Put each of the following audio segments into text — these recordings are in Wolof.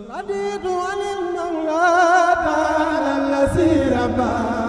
رضيت عن المولى تعالى الذي ربى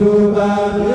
Bye.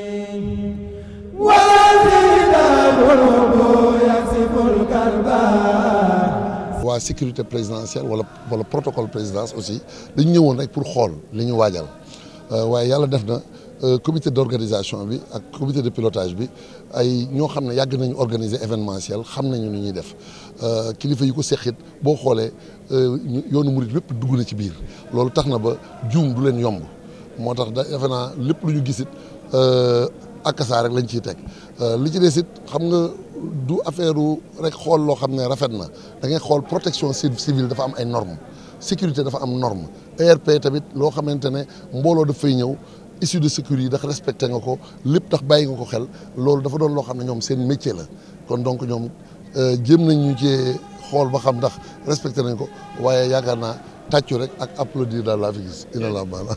waa sécurité présidentielle wala wala protocole présidence aussi dañu ñëwoon rek pour xool li ñu waajal euh, waaye yàlla def na euh, comité d'organisation bi ak comité de pilotage bi ay ñoo xam ne yàgg nañu organiser événementiel xam nañu ni ñuy def euh, kilifa yi ko seqit boo xoolee yoonu murit lépp dugg na ci biir loolu tax na ba juum du leen yomb moo tax da defe naa lépp lu ñu gisit akasa rek lañ ciy teg euh, li ci des sit xam nga du affaire rek xool loo xam ne rafet na da ngay xool protection civile dafa am ay norme sécurité dafa am norme ERP tamit loo xamante ne mbooloo daf fay ñëw issue de sécurité ndax respecté nga ko lépp tax bàyyi nga ko xel loolu dafa doon loo xam ne ñoom seen métier la kon donc ñoom euh, jéem nañ ñu cee xool ba xam ndax respecté nañ ko waaye yaakaar naa tàccu rek ak applaudir daal laa fi gis inna la bala